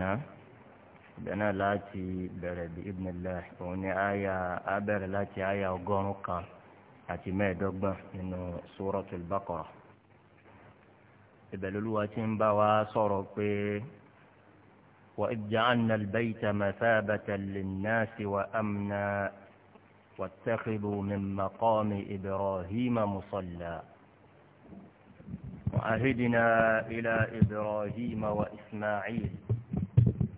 نعم بنا لاتي برد ابن الله وني آية أبر آه لاتي آية وقونقا أتي ما يدب من سورة البقرة إبل الواتين بوا صرق وإذ جعلنا البيت مثابة للناس وأمنا واتخذوا من مقام إبراهيم مصلى وعهدنا إلى إبراهيم وإسماعيل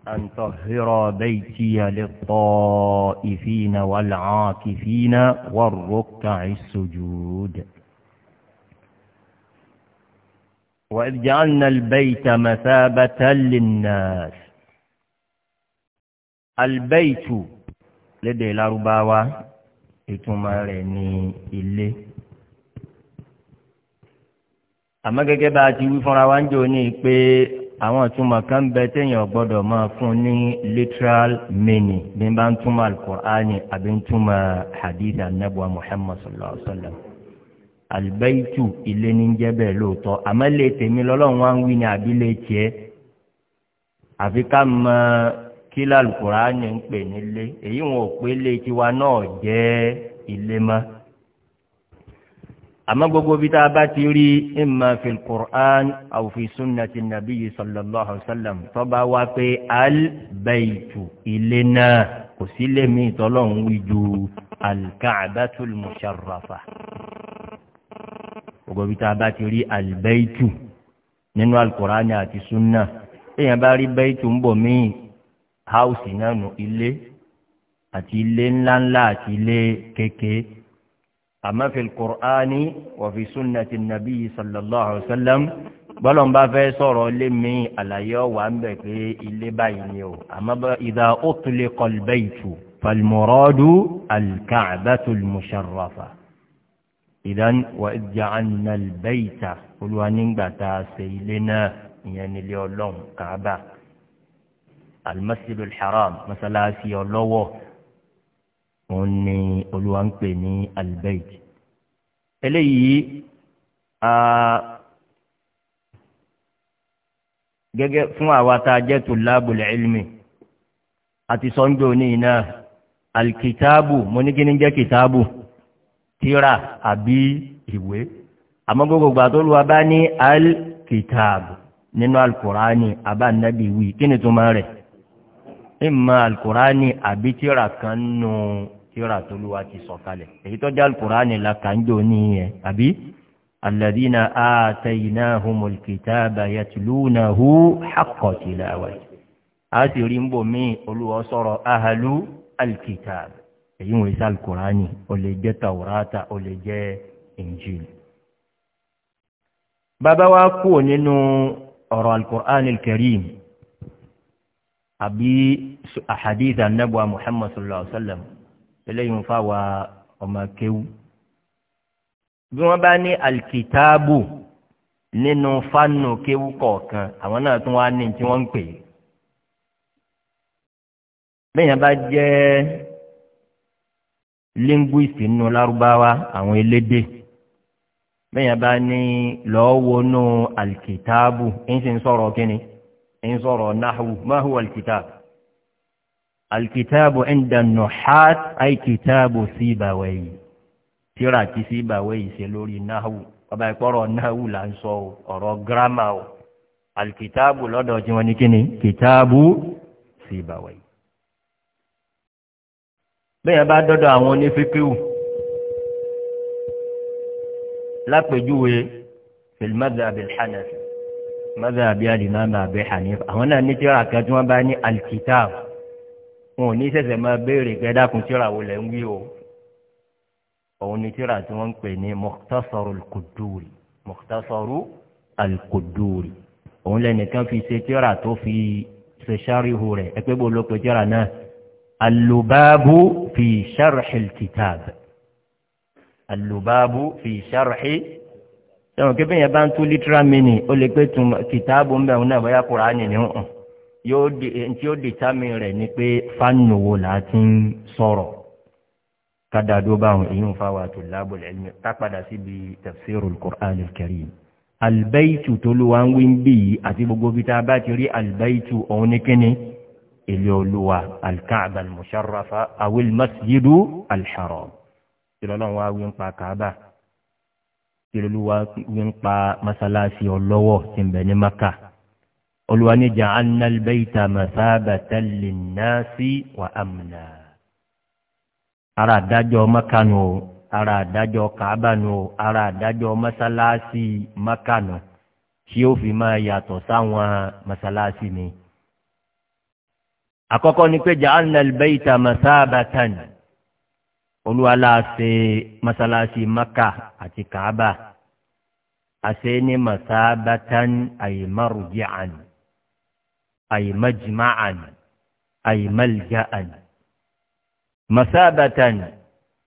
أن تهر بيتي للطائفين والعاكفين والركع السجود وإذ جعلنا البيت مثابة للناس البيت لدي الأرباوة ìtumọ̀ rẹ̀ ní أما àmọ́ gẹ́gẹ́ bá a àwọn ìtumọ̀ kan ń bẹ téèyàn gbọ́dọ̀ máa fún ní literal meaning bí n bá ń túmọ̀ alukur'ani àbí ń túmọ̀ hadith anabuwa muhammad sallallahu alaihi wa sallam albaitu ilé ní jẹ́ bẹ́ẹ̀ lóòótọ́ àmọ́ lè tèmi lọ́lọ́run wá ń wí ní àbílẹ̀ tiẹ̀ àfi ká mọ kí lálùkùránì ń pè nílé èyí wọn ò pé lé tiwa náà jẹ́ ilé mọ́ àmọ́ gbogbo bí tá a bá ti rí ìmọ̀ fil qur'an aw fi sunnati nabiyyi sallallahu alayhi wa sallam tó bá wá pé albaitu ilé náà kò sí lè mí ìtọ́lọ́hún wí ju alkaabatul musharrafa gbogbo bí tá a bá ti rí albaitu nínú alqur'an àti sunna èèyàn bá rí baitu ń bọ̀ míì háùsì náà nù ilé àti ilé ńláńlá àti ilé kékeré àmọ́ fi kùránì wọ̀fi súnà ti nàbí sallallahu alayhi wa sallam bọ́lọ̀ ń bá fẹ́ sọ̀rọ̀ lé mi àlàyé ọ̀wà ń bẹ̀ pé ilé báyìí ni o àmọ́ ìdá ó tún lè kọ́ lùbẹ́ ìtù falmọ́rọ́dù alkaabatulmusharrafa ìdán wà jàǹnà olúwa nígbà tá a ṣe ilé náà ìyẹn nílé ọlọ́run kàábà almasidu alḥaram masalasi ọlọ́wọ́ òun ni olúwa ń pè ní albert eléyìí gẹ́gẹ́ fún àwa tá a jẹ́ tó lábùlẹ̀ ilmi àti sọ́njọ́ ní iná alkitaabu mo ní kí ní jẹ́ kitaabu tíra àbí ìwé àmọ́ gbogbo gbà tó lùwà bá ní alkitaabu nínú alkùránì àbá nàbí wí kí ni tó máa rẹ̀ ìmọ̀ alkùránì àbí tíra kan nù. No tíra tolúwa ti sọ kalẹ̀ èyí tó já alukur'ani la kàn jò níyẹn àbí aladina atayina humulkita bayatilunahu hakọtilawa a sì rí n bò mí olúwa sọ̀rọ̀ ahalu alkita èyí wọ́n sá alukur'ani o lè jẹ́ tawurata o lè jẹ́ injil. bàbá wa kú nínú ọ̀rọ̀ alukur'ani kẹrin àbí ahadith anabuwa muhammadu sallallahu alaihi wa sallam eléyìí ń fa wa ọmọ kéwú bí wọ́n bá ní alikitaabu nínú fanu kéwú kọ̀ọ̀kan àwọn náà tún wá ní tí wọ́n ń pè é bẹ́ẹ̀yàn bá jẹ́ linguist nínú lárúbáwá àwọn elédè bẹ́ẹ̀yàn bá ní lọ́wọ́nú alikitaabu ń sì ń ń sọ̀rọ̀ náhù máhù alikitaabu alkitabu inda nuhat ay kitabu sibawayi tírà tí sibawayi ṣe lórí nahwu ọba ìpọ́rọ̀ nahwu là ń sọ ọ̀rọ̀ gírámà o alkitabu lọ́dọ̀ tí wọ́n ní kíni kitabu sibawayi. bẹ́ẹ̀ bá dọ́dọ̀ àwọn onífíkíwù lápèjúwe fìlmọ́dà bilhanafi mọ́dà bíi alimami abiy hanif àwọn náà ní tírà kan tí wọ́n bá ní alkitabu wọn ò ní sẹ̀sẹ̀ máa béèrè pé dákun tíra wo lẹ̀ ń wí o òun ni tíra tí wọ́n ń pè ní mọ̀tàsọ̀rọ̀ alkuduri mọ̀tàsọ̀rọ̀ alkuduri òun lẹ́nìkan fi ṣe tíra tó fi ṣe ṣáríhù rẹ̀ ẹ pé bó ló pe tíra náà alùbáàbù fi ṣàrùhì kìtàb alùbáàbù fi ṣàrùhì sẹ́wọ̀n kí bá ń tú lítírà mìíní ó lè pé kìtàbù ń bẹ̀ òun náà bóyá kùránì ní hàn yóò di ntí ó dìtámì rẹ̀ ni pé fánù wo là á ti ń sọ̀rọ̀ kádà dó báwọn èyí ń fa wa tó láàbò lẹ́yìn tá padà síbi tafsiru al-qur'an al-karim albaitu tó ló wá ń wí ń bì yìí àti gbogbo bí tá a bá ti rí albaitu òun ní kíni ilé olúwa alkaaba musharrafa awil masjidu al ìrọ̀lọ́ wa wí ń pa kaaba ìrọ̀lọ́ wa wí ń pa masalasi ọlọ́wọ́ tí ní maka olùwànìjà annalbeita masabata linnasi wa amna ara adájọ́ makanu o ara adájọ́ kaabanu o ara adájọ́ masalasi makanu tí ó fi máa yàtọ̀ sáwọn masalasi ni. àkọ́kọ́ ni pé ja'alna albayta masabatan olúwaláàṣẹ masalasi maka àti kaaba àṣẹ ní masabatan àyè márùjẹ́ àná àyèmájìmáàn àyèmálìjáàn mọ̀sáàbàtàn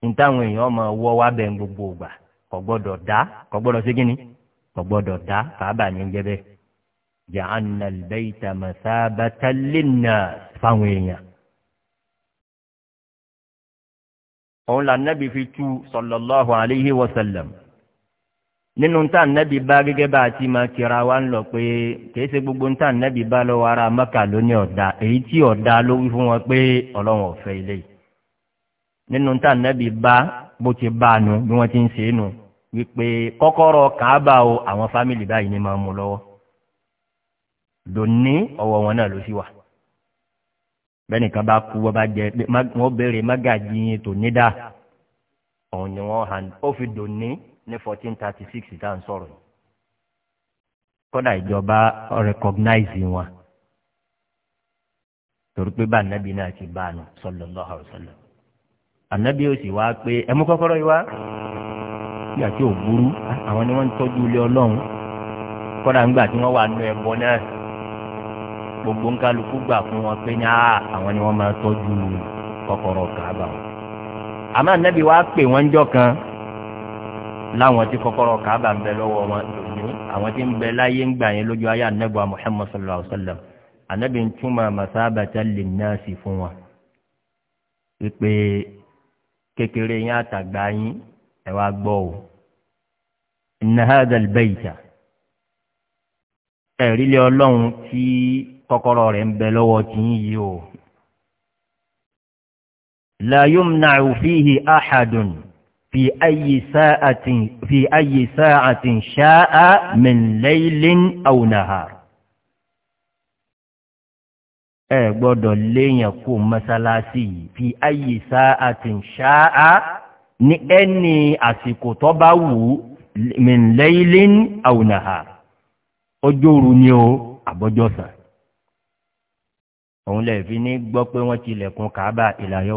nítawọn èèyàn máa wọ́ wá bẹ́ẹ̀ gbogbo ògbà kò gbọ́dọ̀ dá kò gbọ́dọ̀ sí kínní kò gbọ́dọ̀ dá kàábà ní jẹ́ bẹ́ẹ̀ jàǹnà lẹ́yìntà mọ̀sáàbàtàn lẹ́nà fáwọn èèyàn. òun là nàbì fi tú sọlọ́láhu aláìhí wọ́sálàmù nínú tá nẹ́bí bá gẹ́gẹ́ bá àti máa kíra wá ń lọ pé kìí ṣe gbogbo tá nẹ́bí bá lọ́wọ́ ara mẹ́ka ló ní ọ̀dà èyí tí ọ̀dà ló wí fún wọn pé ọlọ́run ọ̀fẹ́ ilé yìí nínú tá nẹ́bí bá bó ti bá a nu bí wọ́n ti ń ṣe é nu wípé kọ́kọ́rọ́ kàábà o àwọn fámìlì báyìí ni máa mú lọ́wọ́ lóní ọwọ́ wọn náà ló sì wà bẹ́ẹ̀ni kan bá kú wọ́n bá jẹ wọ́n béèrè mágàjì tòní dà ọ̀hún ní fourteen thirty six tá à ń sọ̀rọ̀ yìí ìjọba recognize wọn torí pé bá anabi náà ti bá a nù sọlọ alaihi wasallam anabi ó sì wá pé ẹmú kọ́kọ́rọ́ yìí wá bí àti òbúrú àwọn ni wọn ń tọ́jú ilé ọlọ́run kọ́dà ńgbà tí wọ́n wà nù náà gbogbo ńkálukú gbà fún wọn pé ní àwọn ni máa kan. láwọn tí kọ́kọ́rọ́ kàábà ń bẹ lọ́wọ́ wọn lónìí àwọn tí ń bẹ láyé ń gbà yẹn lójú ayé anabu muhammad sallallahu alaihi wa sallam anabi ń túmọ̀ masabata linnaasi fún wọn wípé kékeré yín àtàgbà yín ẹ wá gbọ́ o nahadal bayta ẹ̀rílẹ̀ ọlọ́run tí kọ́kọ́rọ́ rẹ̀ ń bẹ lọ́wọ́ tí ń yí o la yumna fihi ahadun. في أي ساعة في أي ساعة شاء من ليل أو نهار ẹ gbọ́dọ̀ léèyàn kó mọ́sálásí yìí fi ayé sáà tí ń ṣáà ní ẹni àsìkò tó bá wù ú mìlẹ́ilín àwùnàhà ọjọ́ òru ni ó àbọ́jọ́sàn. òun lè fi ní gbọ́ pé wọ́n tilẹ̀kùn kàábà ìlàyọ̀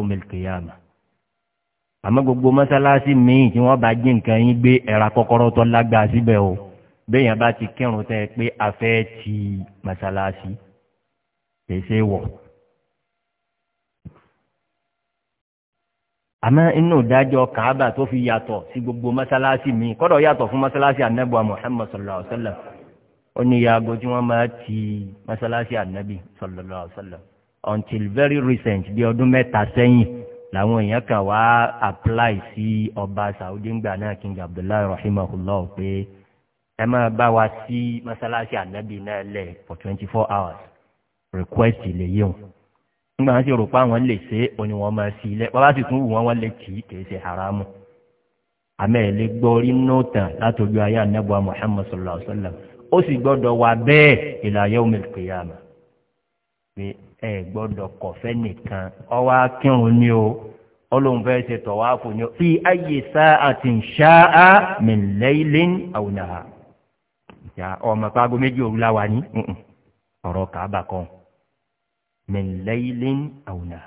àmọ́ gbogbo mọ́sálásí míì tí wọ́n bá jí nǹkan yín gbé ẹ̀ra kọ́kọ́rọ́ tó lágbàá síbẹ̀ o béèyàn bá ti kírun tẹ́ pé a fẹ́ ti mọ́sálásí pèsè wọ̀. àmọ́ inú ìdájọ́ kàábà tó fi yàtọ̀ sí gbogbo mọ́sálásí míì kọ́dọ̀ yàtọ̀ fún mọ́sálásí anábùwà muhammed sallallahu alayhi wa sallam ó ní yaago tí wọ́n máa ti mọ́sálásí anábì sallallahu alayhi wa sallam until very recent bí ọdún mẹ́ta sẹ́yìn làwọn èèyàn kan wá apply sí ọba saudi ngbà náà king abdullahi rahimahullah pé ẹ máa bá wa sí mọ́sálásí ànábì náà lẹ̀ for twenty four hours request lè yé wọn nígbà wọn sì rò pé àwọn lè ṣe òní wọn máa sí ilẹ̀ wọn bá sì tún wù wọn wọn lè kì í kì ṣe haramu àmẹ́ẹ̀lẹ́ gbọ́rí nọ́ọ̀tà látọjú ayé anábọ́à muhammad sallallahu alayhi wa sallam ó sì gbọ́dọ̀ wà bẹ́ẹ̀ ìlàyé omi kìyàmà ẹ kọfẹ nìkan ọwọ́ akínrun ni o ọlọ́run fẹ́ ṣe tọ̀wá fún ni o fi ayé sá àti ṣáá mìlẹ́lẹ́n àwùnà ọmọ pago méjì òru láwa ní ọ̀rọ̀ kàábà kan mìlẹ́lẹ́n àwùnà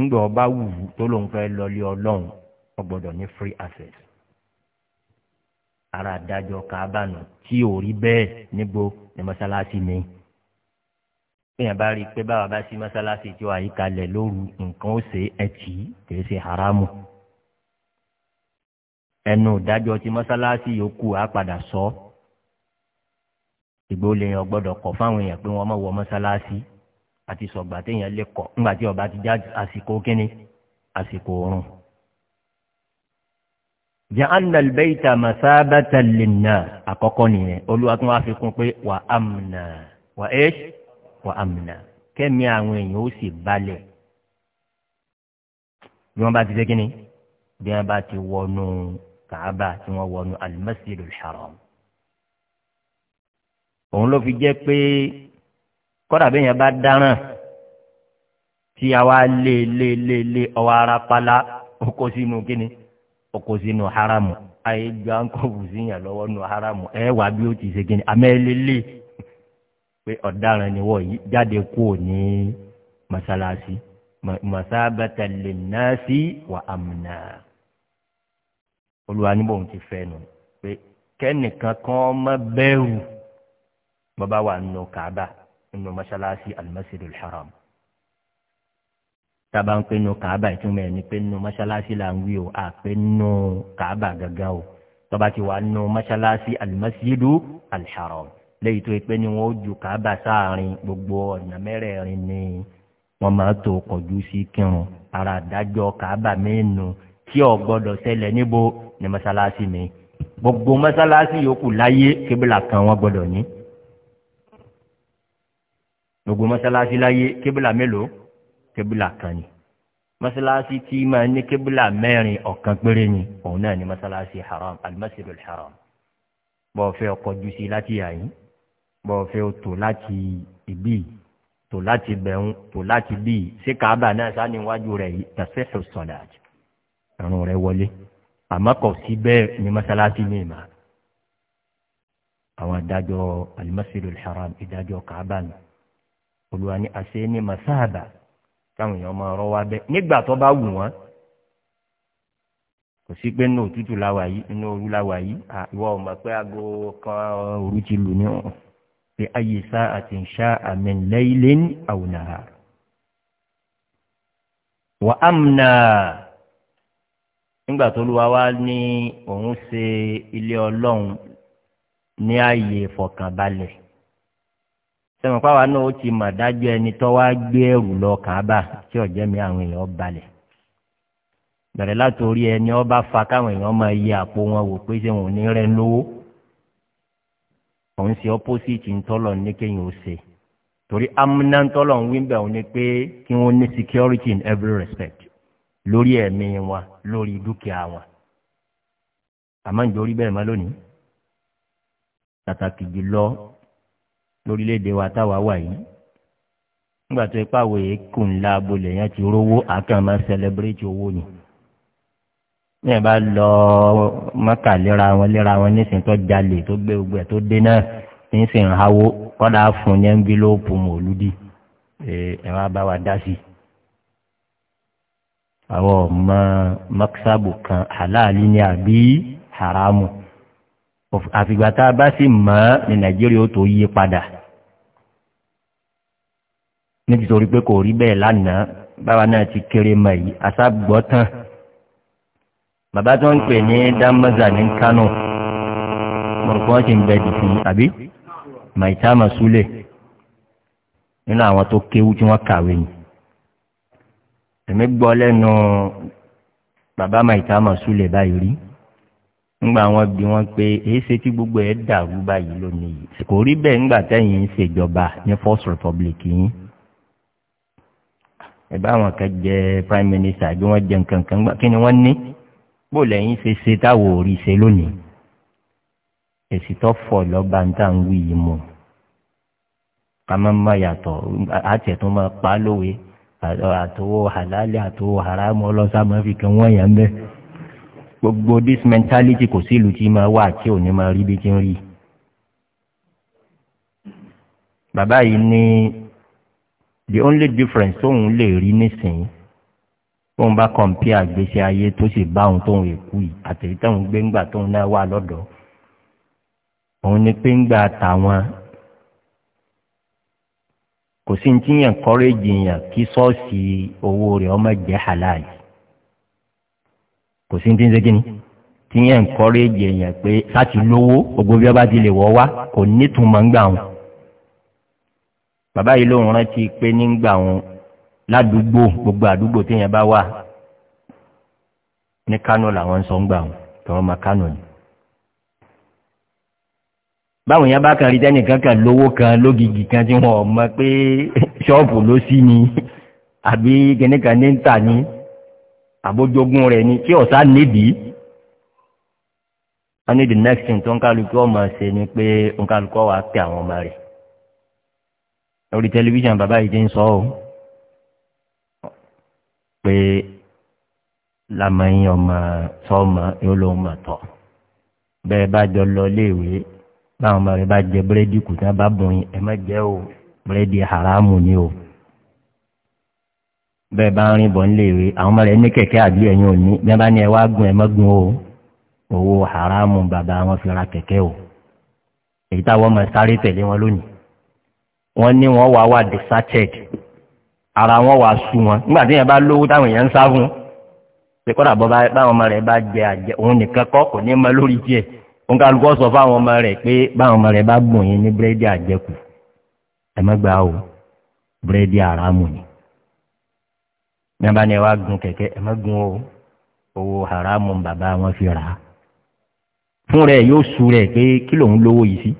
ńgbà ọba wù tó lóun fẹ́ lọlé ọlọ́run wọ́n gbọ́dọ̀ ní free access ara àdájọ kàábà nù tí ò rí bẹ́ẹ̀ níbo ní mọ́sálásí mi. bẹ́ẹ̀ bá rí i pé báwa bá sí mọ́sálásí tí wàá yí kalẹ̀ lóru nǹkan ó ṣe ẹtì kìí ṣe haramu. ẹnu ìdájọ́ ti mọ́sálásí yòókù á padà sọ ọ́. ìgbó lèèyàn gbọ́dọ̀ kọ̀ fáwọn èèyàn pé wọ́n mọ̀ wọ mọ́sálásí àti sọ̀gbà téèyàn lè kọ̀ ńgbà tí ọba ti já àsìkò kínní àsìkò oorun. ja'anna al-bayta àkọ́kọ́ nìyẹn olúwa tún wá fi kún pé wa amna wa ish wa amna kẹ́mi àwọn èèyàn ó sì balẹ̀ bí wọ́n bá ti dégínní bí wọ́n bá ti wọnú kàába tí wọ́n wọnú al-masjid al-haram òun ló fi jẹ́ pé kọ́dà bí èèyàn bá dáràn tí a wá lé lé lé lé ọwọ́ ara pálá oko sínú kínní oko sínú haramu àyè gbà ń kọ́ bùsíyàn lọ́wọ́ nù haramu ẹ̀ wá bí ó ti ṣe kínní àmẹ́ pé ọ̀daràn ni wọ́n yìí jáde kú ní mọ́sálásí mọ́sábàtà lè ná sí wà àmùnà. olùwà níbo òun ti fẹ́ nu pé kẹ́nìkan kan má bẹ̀rù bàbá wa nù kàbà nínú mọ́sálásí alimọ́sídì haram. tábà ń pè nù kàbà ìtumọ̀ ẹ̀ ni pé nù mọ́sálásí là ń wí o àpè nù kàbà gàgà o tọ́ba ti wà nù mọ́sálásí alimọ́sídì haram léyìí tó pé ni wọn ó ju kábà sáàrin gbogbo ọ̀nà mẹ́rẹ̀ẹ̀rin ni wọ́n máa tó kọjú sí kírun ara àdájọ́ kábà mẹ́nu tí ò gbọ́dọ̀ ṣẹlẹ̀ níbo ni mọ́sálásí ni gbogbo mọ́sálásí yòókù láyé kébìlà kan wọ́n gbọ́dọ̀ ní gbogbo mọ́sálásí láyé kébìlà mélòó kébìlà kan ni mọ́sálásí tí máa ní kébìlà mẹ́rin ọ̀kan péré ni òun náà ni mọ́sálásí haram alimasiru haram bọ́ọ̀ fẹ́ ọkọ̀ jù sí láti yà yín bọ́ fẹ́ o tò láti ìbí tò láti bẹ̀rùn tò láti bí ṣé káàbà náà sáni iwájú rẹ̀ yìí tàṣẹ́ ìṣọ̀dà àti ẹ̀rùn rẹ̀ wọlé àmọ́ kò sí bẹ́ẹ̀ ní mọ́sálásí ní ìmọ̀ àwọn adájọ́ alimasiru haram ìdájọ́ káàbà nù olùwà ní àṣẹ ní masáàbà táwọn èèyàn máa rọ́ wá bẹ́ẹ̀ nígbà tó bá wù wọ́n kò sí pé nínú òtútù láwàyí nínú òru láwàyí ìwọ ò mọ̀ pé aago kan òru ti lù ní ọ̀hún bí ayé sá àti ṣá àmì lẹ́yìn àwùnà wà ámùnà nígbà tó lùwà wá ní òun ṣe ilé ọlọ́run ní ààyè ìfọ̀kànbalẹ̀ sẹ́wọ̀n pàwọn náà ó ti mà dájú ẹni tó wá gbé ẹrù lọ kàába tí ọ̀jẹ́ àwọn èèyàn balẹ̀ bẹ̀rẹ̀ látòrí ẹni ọba fa káwọn èèyàn máa yẹ àpò wọn wò pé ṣé wọn ò ní rẹ́ lówó. òun ṣe opposite ntọ́lọ̀ ní kéyìn ó ṣe torí amúná ntọ́lọ̀ ń wí bẹ́ẹ̀ ni pé kí wọ́n ní security in every respect lórí ẹ̀mí wọn lórí dúkìá wọn àmọ́ ìjọrí bẹ́ẹ̀ má lónìí pàtàkì jùlọ lórílẹ̀ wa táwa wà yìí nígbà tó ipá wòye kùn láàbò lèèyàn ti rówó àkàmọ́ celebrate owó ni. ní ẹ bá lọ mọ́kà léra wọn léra wọn nísìnyí tó jalè tó gbé gbẹ tó dé náà ní sìn ń hawó kọ́dà fún yẹn ń bí lóòpù mòlúdì ẹ wá bá wa dá sí i. àwọn ọmọ mọ́kísàbù kan aláàlí ni àbí haramu àfìgbà tá a bá sì mọ̀ ní nàìjíríà ó tó yí padà nítorí pé kò rí bẹ́ẹ̀ lánàá báwa náà ti kéré mọ̀ yìí àṣà gbọ́ tán bàbá tó ń pè ní damaza ní kánò mọ̀rùkú wọn ti ń bẹ dìfún àbí maitama sule nínú àwọn tó kéwú tí wọ́n kàwé ni èmi gbọ́ lẹ́nu bàbá maitama sule báyìí rí ńgbà wọn bí wọn pé èyí ṣe tí gbogbo ẹ dàrú báyìí lónìí yìí kò rí bẹ́ẹ̀ ńgbà tẹ́yìn ń ṣèjọba ní first republic yìí ẹ bá àwọn kan jẹ prime minister bí wọ́n jẹ nǹkan kí ni wọ́n ní bó lẹ́yìn ṣe ṣe táwọn ò rí ṣe lónìí èsì tó fọ̀ lọ́ba ń tà ń wí yìí mọ̀ ká má má yàtọ̀ àti ẹ̀tún máa pa á lówe àtòwò àlálẹ̀ àtòwò haramu ọlọ́sà máa fi kan wọ́n yàn bẹ́ẹ̀ gbogbo this mentality kò sí ìlú tí máa wà tí ò máa rí bí tí ń rí. bàbá yìí ní the only difference tóun lè rí nísìnyí tóun bá kọ̀m̀pí àgbèsè ayé tó sì bá òun tóun èkú yìí àtẹ̀yí tóun gbé ńgbà tóun náà wà lọ́dọ̀ òun ni pé ńgbà tàwọn kò sí ní tíyàn kọ́rẹ́jì yàn kí sọ́ọ̀sì owó rẹ̀ ọmọ jẹ́ halal kò sí ní tíyàn sẹ́kìnì tíyàn kọ́rẹ́jì yàn pé láti lówó gbogbo bí ọba ti lè wọ́ wá kò nítumọ̀ ńgbà wọn bàbá yìí lóun rántí pé nígbà wọn ládùúgbò gbogbo àdúgbò téèyàn bá wà ní kánò làwọn ń sọ ń gbà wọn tí wọn máa kánò ni. báwọn yẹn bá kan rí tẹ́nìkan kan lówó kan lógìgì kan tí wọn ò mọ pé ṣọ́ọ̀bù ló sí ni àbí kìnnìkan ní ń tà ní àbójogún rẹ̀ ni kí ọ̀sá nídìí wọ́n ní the next thing tó ń kálukú ọmọ ṣe ni pé ń kálukú wàá pè àwọn ọmọ rẹ̀ lórí tẹlifíṣàn bàbá yìí ti ń sọ ọ́ pé lamẹ́yìn ọmọ sọ́ọ̀mọ́ yóò lóun mọ̀ tọ́ bẹ́ẹ̀ bá jọ lọ léèwé báwọn ọmọ rẹ bá jẹ búrẹ́dì kù bá bùn yín ẹ má jẹ́ o búrẹ́dì haramu ni o bẹ́ẹ̀ bá ń rìn bọ̀ níléèwé àwọn ọmọ rẹ ní kẹ̀kẹ́ àbí ẹ̀yìn òní bí wọ́n bá ní ẹ wá gun ẹ má gun o owó haramu bàbá wọn fi ra kẹ̀kẹ́ o èyí táwọn ọmọ sáré tẹ̀lé wọn lónìí wọ́n ní wọ́n wá wà deserted ara wọn wà sùn wọn nígbà tí yẹn bá lówó táwọn èèyàn ń sá fún pé kọ́dà bọ́ báwọn ọmọ rẹ̀ bá jẹ àjẹ òun nìkan kọ́ kò ní mọ lórí tiẹ̀ òun kálukú sọ fáwọn ọmọ rẹ̀ pé báwọn ọmọ rẹ̀ bá gbọ̀n yín ní búrẹ́dì àjẹkù ẹ má gbà o búrẹ́dì àràmù ni ní abá ni ẹ wá gun kẹ̀kẹ́ ẹ má gun o owó àràmù bàbá wọn fi rà á fún rẹ̀ yóò su rẹ̀ pé kí lòun lówó yìí sí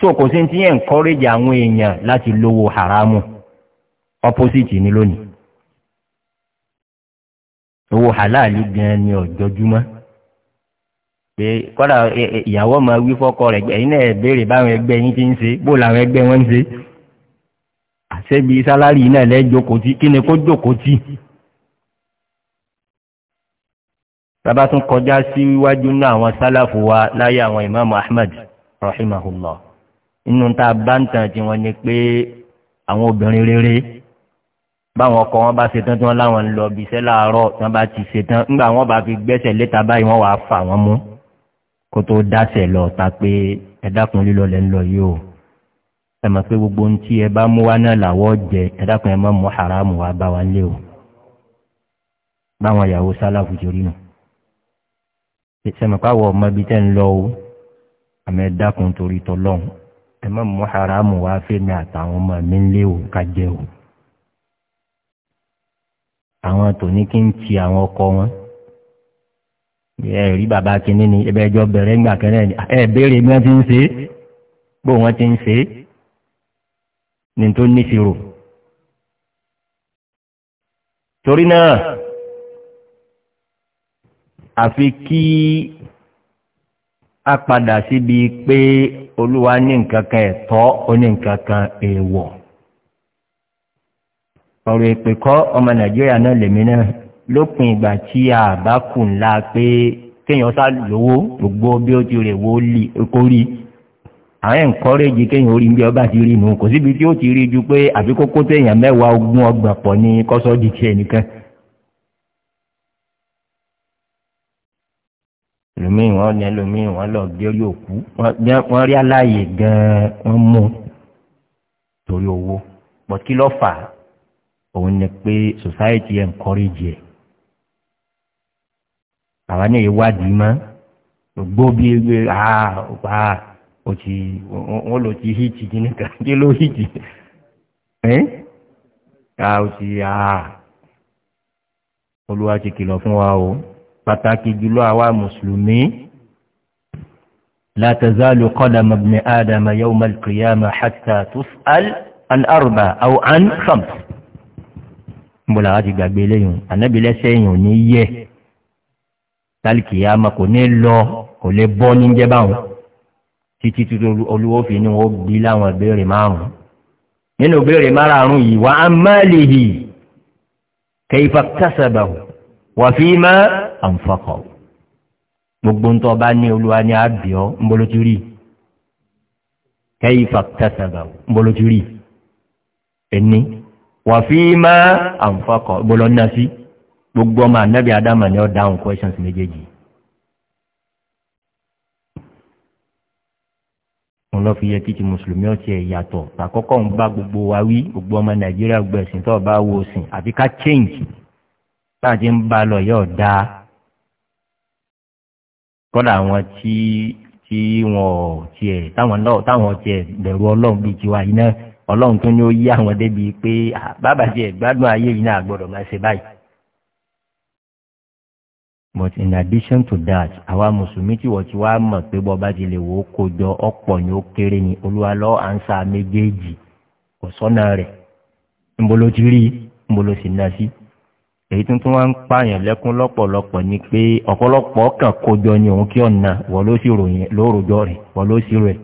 so kò sí ti encourage àwọn èèyàn láti lówó àràmù. So, opposite ni lónìí owó halali gan ni ọjọjúmọ pé kọ́dà ìyàwó ọmọ wí fọ́kọ rẹ̀ ẹ̀yin náà béèrè báwọn ẹgbẹ́ yín ti ń ṣe bó làwọn ẹgbẹ́ wọn ń ṣe àṣẹbi sálárì náà lẹ́jọ́kòó tí kí ni kó jòkó tí. bàbá tún kọjá sí iwájú náà àwọn sálàfù wa láyé àwọn ìmáàmù ahmed rahimahullah inú ta bá ń tàn tí wọ́n ní pé àwọn obìnrin rere báwọn ọkọ wọn bá ṣe tán tí wọn láwọn ń lọ bí iṣẹ́ láàárọ̀ tí wọn bá ti ṣe tán ńgbà wọn bá fi gbẹ́sẹ̀ léta báyìí wọn wàá fà wọn mú kó tó dáṣẹ̀ lọ ta pé ẹ dákun lílọ lẹ ń lọ yìí o ẹ mọ̀ pé gbogbo ohun tí ẹ bá mú wá náà làwọ̀ jẹ ẹ dákun ẹ má mú haramu wá bá wa lé o báwọn ìyàwó sálàfù torí nù sẹmọ̀pá wọ ọmọ ibi tẹ́ ń lọ o àmọ́ ẹ dákun torí tọ́lọ́hún ẹ má mú haramu wá fẹ́mi àtàwọn ọmọ mi ń lé o ká jẹ o àwọn tòní kí ń ti àwọn ọkọ wọn ẹ rí bàbá kínní ni ẹbẹ ẹjọ bẹ̀rẹ̀ ńgbà kẹrẹ ẹ béèrè bí wọn ti ń ṣe bó wọn ti ń ṣe ní tó níṣirò torí náà àfi kí a padà síbi pé olúwa ní nǹkan kan ẹ̀tọ́ ó ní nǹkan kan èèwọ̀ ọ̀rọ̀ èpè kọ́ ọmọ nàìjíríà náà lèmi náà lópin ìgbà tí a bá kù ńlá pé kéèyàn sá lówó gbogbo bí ó ti rè wó lì kó rí àwọn ẹ̀ǹkọ́rẹ́jì kéèyàn orí bí ọba ti rí nù kò síbi tí ó ti rí ju pé àfi kókó téèyàn mẹ́wàá ogún ọgbọ̀n pọ̀ ní kọ́sọ́ọ̀dì tiẹ̀ nìkan. ẹlòmíì wọn ní ẹlòmíì wọn lọ gbé orí òkú wọn rí aláàyè gan-an wọn mú torí owó pọ̀ kí ló fà á òun ni pé society encourage ẹ̀ àwa náà ìwádìí mọ́ gbogbo bí ewé àpá o ti wọ́n lò ti hìtì kíní kan kí ló hìtì ẹ́ a o ti a olúwa ti kìlọ̀ fún wa o pàtàkì jùlọ àwa mùsùlùmí látàzálù kọ́dà mọ̀bìnrin ádámà yóò mọ̀lùkìyàmà hàtà tó sàl arba au an mo làwọn ti gbàgbé lẹ́yìn ànábì lẹ́sẹ̀ èèyàn ní yẹ tálíkì yá ma kò ní lọ kò lè bọ́ níjẹ́ báwọn títí tí olúwo fi ní wọn bí láwọn ìbéèrè márùn-ún nínú ìbéèrè márùn-ún yìí wà á má lè hì kẹfà kásábàwò wà fi má ànfàkọ gbogbo ntọ́ bá ní olúwa ní àbíọ́ ńbọ́lótúrì kẹfà kásábàwò ńbọ́lótúrì ẹni wà fi má àǹfàkọ̀ gbọ́lọ́ ná sí gbogbo ọmọ ànábì adama ni ó dáhùn questions méjèèjì. wọn lọ fi yẹ kí ti mùsùlùmí ọtí ẹ yàtọ̀ àkọ́kọ́ ń bá gbogbo wa wí gbogbo ọmọ nàìjíríà gbọ́ ẹ̀sìn tó bá wo sìn àfi ká change tá a ti ń bá lọ yóò dáa kọ́dà àwọn tí tí wọn ò tiẹ̀ táwọn náà táwọn tiẹ̀ bẹ̀rù ọlọ́run bíi tiwa yìí náà ọlọ́run tó ní ó yí àwọn débi pé bàbá jẹ́ ìgbádùn ayé yìí náà gbọ́dọ̀ máa ṣe báyìí. but in addition to that àwa mùsùlùmí tí wọ́n ti wá mọ̀ pé bọ́ba ti lè wò ó kojọ ọ̀pọ̀ ni ó kéré ni olúwa lọ́ à ń sa méjèèjì kò sọ́nà rẹ̀ ti rí sì tuntun wá ń pààyàn lẹ́kún lọ́pọ̀lọpọ̀ ni pé ọ̀pọ̀lọpọ̀ kàn kojọ ni òun kí ọ̀nà wọ́n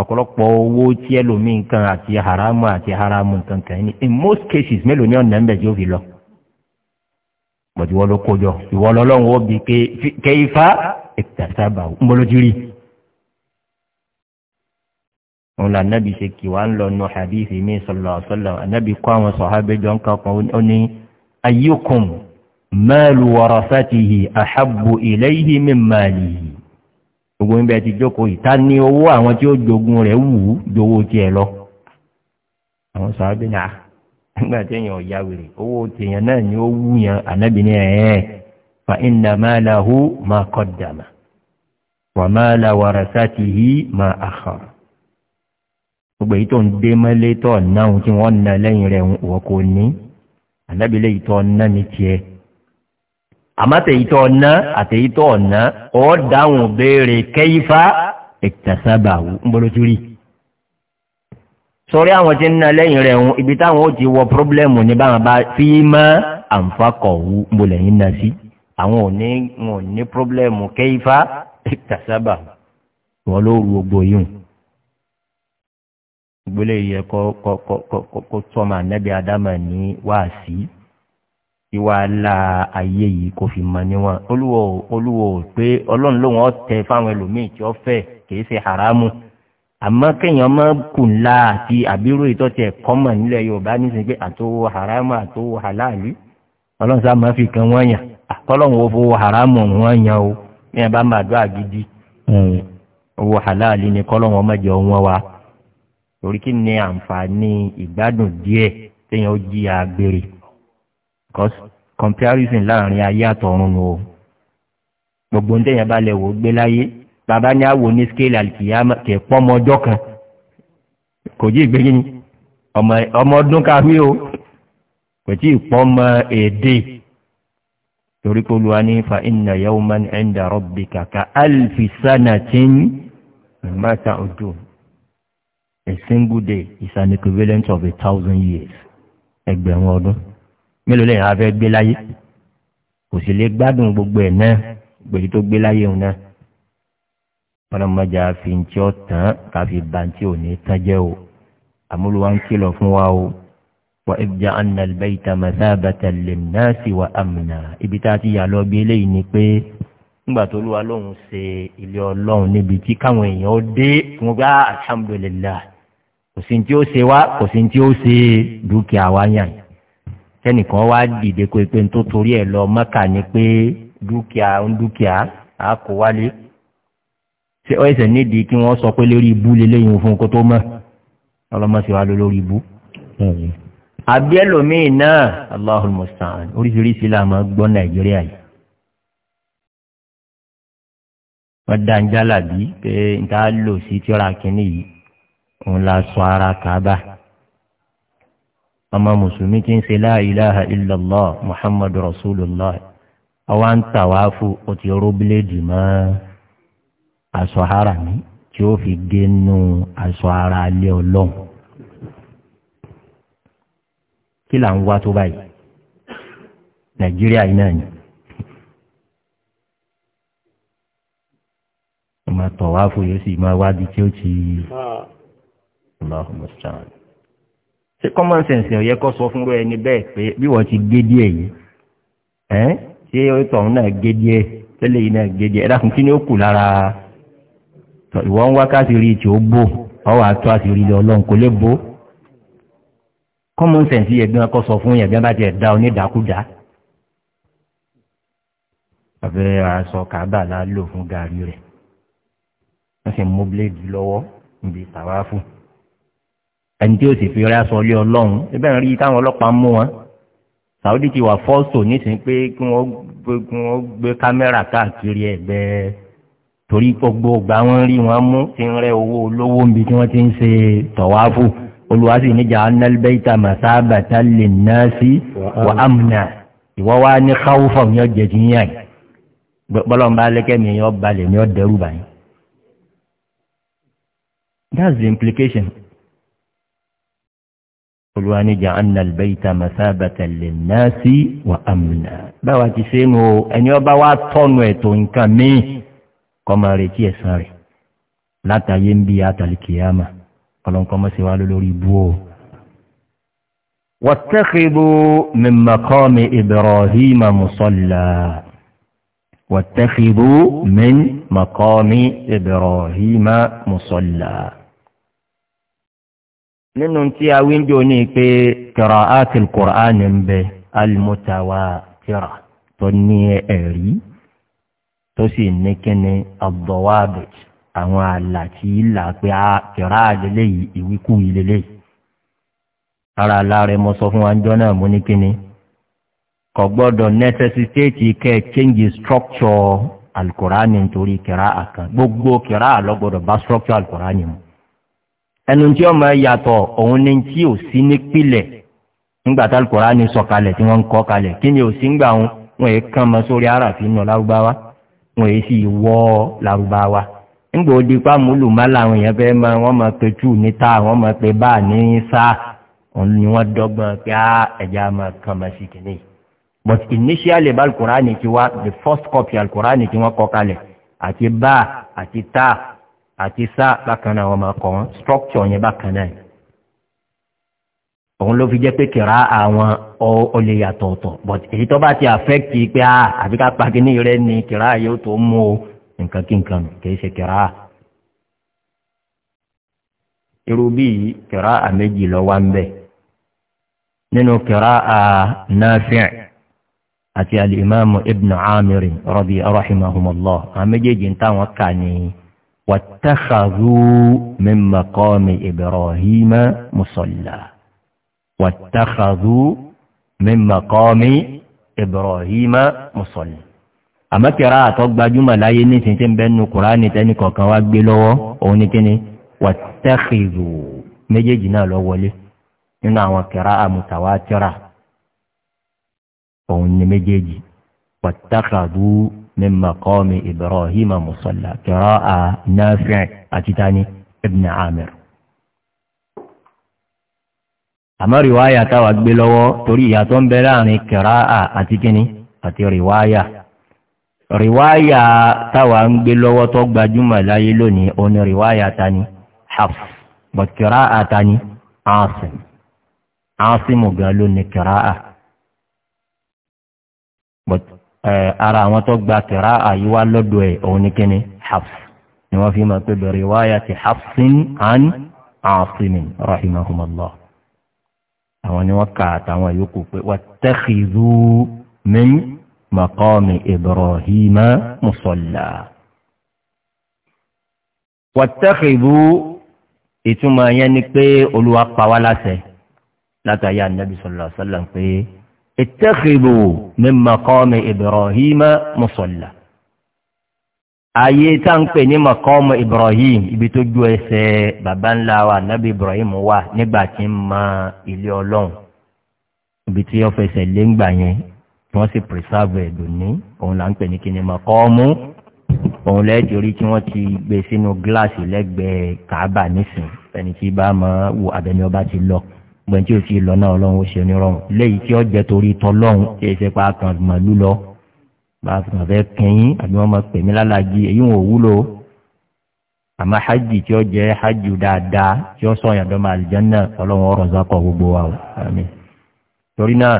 ọ̀pọ̀lọpọ̀ owó tí ẹlòmíì nǹkan àti haramu àti haramu nǹkan kan ní in most cases mélòó ní ọ̀nà ẹ̀mẹ́jì ó fi lọ. but ìwọ ló kójọ ìwọ lọ́lọ́run ó bi kẹ́ifá ìtàsábà ń bọ́ lójú rí. òun là nábì ṣe kì wá ń lọ nu hadithi mi sọlọ sọlọ ànábì kọ́ àwọn sọ̀hábẹ́jọ ń kankan ó ní ayíkùn mẹ́lù wọ̀rọ̀ sátìhì àhábù ìlẹ́yìí mi màlìyìí gbogbo ń bẹ ti jókòó ìta ní owó àwọn tí ó jogun rẹ̀ wù ú jowó tiẹ̀ lọ. àwọn sàábì náà nígbà tí èèyàn ọ̀yá wèrè owó tèèyàn náà ni ó wù yàn ànábì ní ẹ̀ẹ́ fa iná máa la hu máa kọ́ dàmà wà máa la wàrà sáti hí máa àkàn. gbogbo èyí tó ń dé mọ́lé tó náà tí wọ́n na lẹ́yìn rẹ̀ wọ́n kò ní ànábì lè tọ́ ná ní tiẹ̀ àmátẹ̀yìtọ̀ ọ̀nà àtẹ̀yìtọ̀ ọ̀nà ọ̀ dáhùn béèrè kẹ́yífà ìtàsábàwù ńbọ́lótúrí sọrí àwọn tí ń na lẹ́yìn rẹ̀ ń ibi táwọn ó ti wọ pírọ́blẹ́mù ní báwọn bá fi mọ́ àǹfàkọ̀wù ńbọ̀lẹ̀yìn náà sí àwọn ò ní wọn ò ní pírọ́blẹ́mù kẹ́yífà ìtàsábàwù wọn ló ru ogbó yìí ìgbélé yẹ kó kó kó kó tó ọmọ ànẹ́bí adámà ní wáàsí ìwà la ayé yìí kò fi mọ níwọn olúwo olúwo pé ọlọ́run ló wọn tẹ fáwọn ẹlòmíì tí ó fẹ́ kìí ṣe haramu àmọ́ kéèyàn má kù ńlá àti àbírò ìtọ́tẹ̀ kọ́mọ̀ nílẹ̀ yorùbá nísìnyí pé àtòwò haramu àtòwò halali ọlọ́run sáà máa fi kan wọ́n yàn àkọ́lọ́run wo fowó haramu wọ́n yàn o bí wọ́n bá máa dọ́ àgídí hmm. owó halali ni kọ́lọ́run ọmọ jẹ ohun wa torí kí ni àǹfààní ìgbádùn díẹ̀ téèyàn ó jí cause comparison láàrin ayé àtọ̀run nù o gbogbo ní tẹ̀yìn balẹ̀ wò gbé láyé bàbá ní àwò ní scale alikiyama kẹ̀ pọ́ ọmọ ọjọ́ kan kò jí ìgbé yín ọmọ ọdún káwé o kò tí ì pọ́ ọmọ èdè torí pé olúwa ní fa iná yẹ́wò máa ń rọ́bì kàkà alfisana tí ń mẹ́ta ọdún a single day is an equivalent of a thousand years ẹgbẹ̀rún ọdún mélòó lẹ́yìn afẹ́ gbé láyé kò sì lè gbádùn gbogbo ẹ̀ náà gbèdé tó gbé láyé òun náà ọlọ́mọdé àfi ntí ọ tán káfi bàǹtí òní tán jẹ́ o àmúlò wa ń kìlọ̀ fún wa o wà ibùdó anàlbẹ́yìtà màsáàbàtà lẹ́mìnàṣì wà àmìnà ibi tá a ti yà lọ bí eléyìí ni pé nígbà tó lùwà lóhùn ṣe ilé ọlọ́run níbi tí káwọn èèyàn ó dé fún gbá ah, alhamdulilayi kò sí ní tí ó ṣe wá kò sí ní tí ó ṣe dúkìá wa yàn yìí tẹnìkan wá dìde pé pé tó torí ẹ̀ lọ mọ́kà ni pé dúkìá ń dúkìá á kó wálé ṣé ọ ẹsẹ̀ nídìí kí wọ́n sọ pé lórí ibú lélẹ́yìn fún kó tó mọ̀ ọlọ́mọ sì wá lọ lórí ibú. àbí ẹlòmíì náà allahul musan oríṣiríṣi là máa gbọ́ nàìjíríà yìí. wọ́n dá ń jálàbí pé n ta lò sí tíọ́ra kínní yìí òun la sọ ara kàá bá ọmọ mùsùlùmí ti ń ṣe láàyíláha illallah muhammadu rasulillah ọwọ́ ń tà wá fún o ti ró bíléèdì mọ́ aṣọ ara mi tí ó fi gé nù aṣọ ara alẹ́ ọlọ́run kí là ń wá tó báyìí nàìjíríà yìí ni. ọmọ tọ̀wá yóò sì máa wá di tí ó ti. Ah. Allahumma salli. ṣe common sense ò yẹ kó sọ fúnra ẹni bẹ́ẹ̀ pé bí wọ́n ti gé díẹ̀ yìí ẹ́ ṣé tọ̀hún náà gé díẹ̀ tẹ́lẹ̀ yìí náà gé díẹ̀ ẹ̀dá fún kí ni ó kù lára ìwọ́n tí ó common sense fún yẹ gbọ́n bá da onídàkúdà àbẹ́ aṣọ la fún gàrí rẹ̀ wọ́n sì mú lọ́wọ́ níbi tàwáfù. ẹni tí ó sì fi rẹ́ aṣọ ilé ọlọ́run ibẹ̀ ń rí táwọn ọlọ́pàá mú wọn sàwọ́dí ti wà fọ́sọ̀ nísìnyí pé kí wọ́n gbé kámẹ́rà káàkiri ẹ̀gbẹ́ torí gbogbo ìgbà wọn rí wọn mú ti ń rẹ owó olówó níbi tí wọ́n ti ń ṣe tọ̀wáfù olùwàsí níjà análbẹ́ta màsáàbàtà lè ná sí wà ámùnà ìwọ́ wá ní káwùfọ̀ ní ọjọ́ ti yàn bọ́lọ́mbà lẹ́kẹ́mi yọ balẹ̀ ní ọ̀dẹ́rù báyìí. that's the implication. olùwànìjà anna albayta masabata linnasi wa amna báwa ti ṣe nu o ẹni ọba wa tọnu ẹtọ nǹkan míì kọmọ rẹ tí ẹsàn rẹ látàyé ń bí àtàlìkìyàmà ọlọ́nkọ́mọ́ sí wa lórí ibú o. wàtẹ́kìbù mímàkọ́mi ibrahima musọ́lá wàtẹ́kìbù mímàkọ́mi ibrahima musọ́lá. nínú tí a wíńdò ní pé kẹrọ ákìl kùránì ń bẹ almutawatira tó ní ẹ̀rí tó sì ní kíni abdọ́wábẹ̀t àwọn àlà tí ìlà pé a kẹrọ àlélẹ́ yìí ìwíkú ìlélẹ́ yìí ara aláàrẹ mo sọ fún wa ń jọ náà mo ní kíni kò gbọ́dọ̀ necessitate kẹ́ change structure alukurani nítorí kẹrọ àkàn gbogbo kẹrọ àlọ́gbọ́dọ̀ bá structure alukurani mu ẹnu tí ọmọ yàtọ̀ òun ni tí ò sí nípìlẹ̀ nígbà tá alukóra ni sọ̀kalẹ̀ tí wọ́n ń kọ́ kalẹ̀ kí ni ò sí ń gbà wọn wọn èé kàn mọ́ sórí aráàfin nù lárúbáwá wọn èé sì wọ́ lárúbáwá nígbà ó di pa múlùmá làwọn èèyàn fẹ́ máa wọ́n máa pe tù ní ta wọ́n máa pe bá ní sáà òun ni wọ́n dọ́gbọ́n pé á ẹ̀já máa kàn mọ́ sí kìnnìyàn but initially bá alukóra ni ti the first copy alukóra ni ti wọ́n kọ́ kalẹ̀ àti bá àti ta àti sá bákan náà wọ́n máa kọ́ wọn structure yẹn bákan náà òun ló fi jẹ́ pé kìrá àwọn olè yàtọ̀ ọ̀tọ̀ but èyí tó bá ti affect pé a ah, àbí ká pàdé ní rẹ ni kìrá yóò tó mú o nǹkan kí nǹkan kìí ṣe kìrá. irú bíi kìrá àméjì lọ wá ń bẹ̀ nínú kìrá à àti alimami ibn amir rabi arahimahumallah àméjèèjì ń táwọn kà ní. واتخذوا من مقام إبراهيم مصلى واتخذوا من مقام إبراهيم مصلى àmọ́ kẹrà àtọ́gbajúmọ̀ láyé ní ṣe ń bẹ́nu kùránì tẹ́ni kọ̀ọ̀kan wá gbé lọ́wọ́ òun ní kíni wàtẹ́kìrù méjèèjì náà lọ wọlé nínú àwọn kẹrà àmùtàwátìrà òun ní méjèèjì wàtẹ́kàdú من مقام إبراهيم مصلى قراءة نافع أتتاني ابن عامر àmọ́ rìwáyà táwà gbé lọ́wọ́ torí ìyàtọ̀ ń bẹ láàrin kẹráà àti kíní àti rìwáyà rìwáyà táwà ń gbé lọ́wọ́ tó gbajúmọ̀ láyé lónìí o ní rìwáyà tani haf but kẹráà tani asim asimu gan ló ní kẹráà but Eh, ara àwọn tó gba kẹ̀rá àyíwá lọ́dọ̀ ẹ̀ òun ní kíni hafs ni wọ́n fi máa pé bẹ̀rẹ̀ wáyà ti hafsin an asimin rahimahumallah àwọn ni wọ́n kà àtàwọn yòókù pé wà tẹ́kìzú min makọ́mi ibrahima musalla wà tẹ́kìzú ìtumọ̀ yẹn ni pé olúwa pa wá láṣẹ látàrí ànábì pé ìtẹ́kìlù ní makọ́mù ibrahima mùsọ̀lá ayé tá ń pè ní makọ́mù ibrahim ibi tó ju ẹsẹ̀ bàbá ńlá wa nábì ibrahim wà nígbà tí ń ma ilé ọlọ́run ibi tí wọ́n fẹsẹ̀ lé ńgbà yẹn tí wọ́n sì pèsèvè ẹ̀dùnní òun là ń pè ní kíni makọ́mù òun lẹ́ẹ̀dì orí tí wọ́n ti gbé sínú gíláàsì lẹ́gbẹ̀ẹ́ kàábà nísìn ẹni tí bá máa wo abẹni ọba ti lọ gbẹ̀ntì òtí lọ́nà ọlọ́run ó ṣe onírọ̀rùn léyìí tí ó jẹ́ torí tọ́lọ́run tí èsè pa kan màlúù lọ bá a kàn fẹ́ kẹ́yìn àbí wọ́n máa pè mí lálàjì èyí wọn ò wúlò àmọ́ hajj tí ó jẹ́ hajj dáadáa tí ó sọ̀yàn dọ́mọ àlìjánná ọlọ́run ọ̀rọ̀ zákọ̀ gbogbo wa o àmì torí náà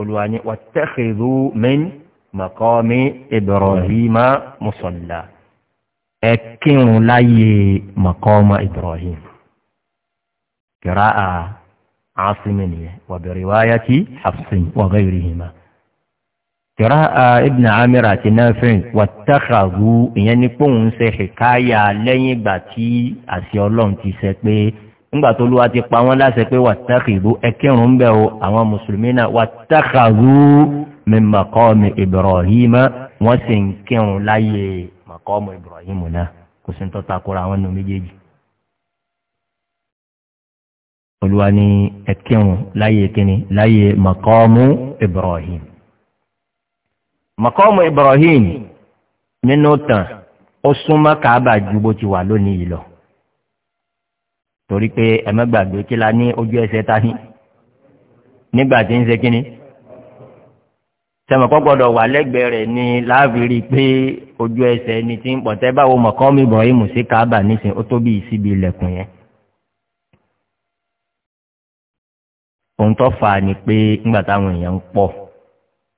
olùwà ni wà tẹ́kẹ̀rù mẹ́ni mọ̀kọ́mi ibrahima musola ẹ kírun láyé mọ̀kọ́mọ ibrahim kìrá a. عاصم وبرواية حفص وغيرهما قراءة ابن عامر نافع واتخذوا يعني كون سي حكاية لين باتي أسيولون تسكبي nígbà tó lúwa ti pa wọ́n láṣẹ pé wàtàkìdú ẹkẹrùn ún bẹ̀ o àwọn mùsùlùmí náà wàtàkàdú mímọ̀kọ́mù ibrahim wọ́n sì ń kírun láyé mọ̀kọ́mù ibrahim náà kò sí ń tọ́ta kóra àwọn nù méjèèjì olúwa ní ẹkẹrùn láyé kíni láyé mọ̀kọ́mú ibrahim mọ̀kọ́mú ibrahim nínú tàn ó súnmọ́ káàbà ju bó ti wà lónìí yìí lọ torí pé ẹ̀mẹ́gbàgbé kí la ní ojú ẹsẹ̀ ta ní nígbà tí ń ṣe kíni sẹmọkọ gbọdọ wà lẹgbẹẹ rẹ ní láàbìrì pé ojú ẹsẹ ẹni tí ń pọ̀ báwo mọ̀kánmi ibrahim sí kaaba nísìnyí ó tó ìsíbi ilẹ̀kùn yẹn ohun tó fà á ni pé nígbà táwọn èèyàn ń pọ̀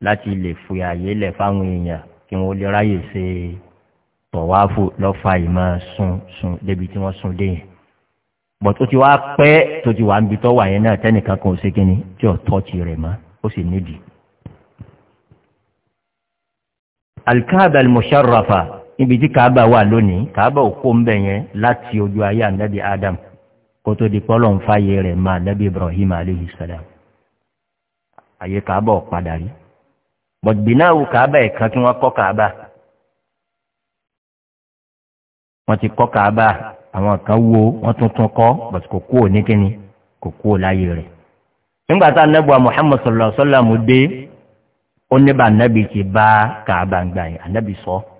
láti lè fi àyè lẹ̀ fáwọn èèyàn kí wọ́n lè ráyè ṣe tọ̀wáfù lọ́fà ìmọ̀ sùn sùn débi tí wọ́n sùn dé yẹn bọ̀ tó ti wá pẹ́ tó ti wà níbi tó wà yẹn náà tẹ́nìkan kan ò ṣe kí ni tí ò tọ́ ti rẹ̀ mọ́ ó sì nídìí. alikaaba almusharrafa níbi tí kaaba wà lónìí kaaba ò kó ń bẹ̀ yẹn láti ojú ayé ànábi adam kótó di pọ́lọ̀ ń fàyè rẹ̀ máa nẹ́bí ibrahim aleyhi salam àyè kàábọ̀ padà rí bọ̀dìbínáwó kàábà ẹ̀kan tí wọ́n kọ́ kàábà wọ́n ti kọ́ kàábà àwọn kan wo wọ́n tuntun kọ́ bọ̀tí kò kúò ní kíni kò kúò láyé rẹ̀ nígbà tá anábùwà muhammed sọlọ sọlọ mu dé ó ní bá anábì ti bá kàábà gbà yẹn anábì sọ. So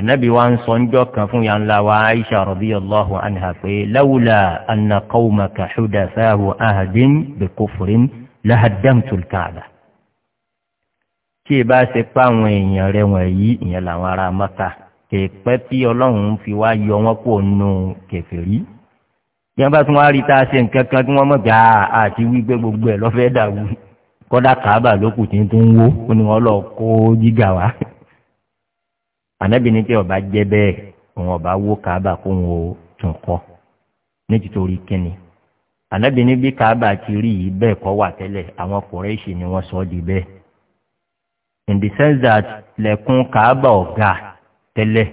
anabi wa ń sọ njọ́ kan fún ya ńlá wa aisha rabi allahu anha pé lawula anna kawma ka xuda faahu ahadin bi kofurin lahadam tulkaada. tí ì bá ṣe pa àwọn èèyàn rẹ wọ̀nyí ìyẹn làwọn ará maka kèèpẹ́ tí ọlọ́run fi wá yọ wọn kó nu kẹfẹ́rí. bí wọ́n bá tún wá rí tá a ṣe nǹkan kan tí wọ́n mọ̀ gbà àti wígbé gbogbo ẹ̀ lọ́fẹ́ dàrú kọ́dà kàábà lókùtì tó ń wó ó ní wọ́n lọ kó jígà wá ànábì ní tí ọba jẹ́ bẹ́ẹ̀ òun ọba wó kàábà kó òun ò tún kọ́ ní títorí kínni ànábì bí kàábà ti rí yìí bẹ́ẹ̀ kọ́ wà tẹ́lẹ̀ àwọn kùrẹ́ṣì ni wọ́n sọ di bẹ́ẹ̀ in the sense that lẹ́kùn kàábà ọ̀gá tẹ́lẹ̀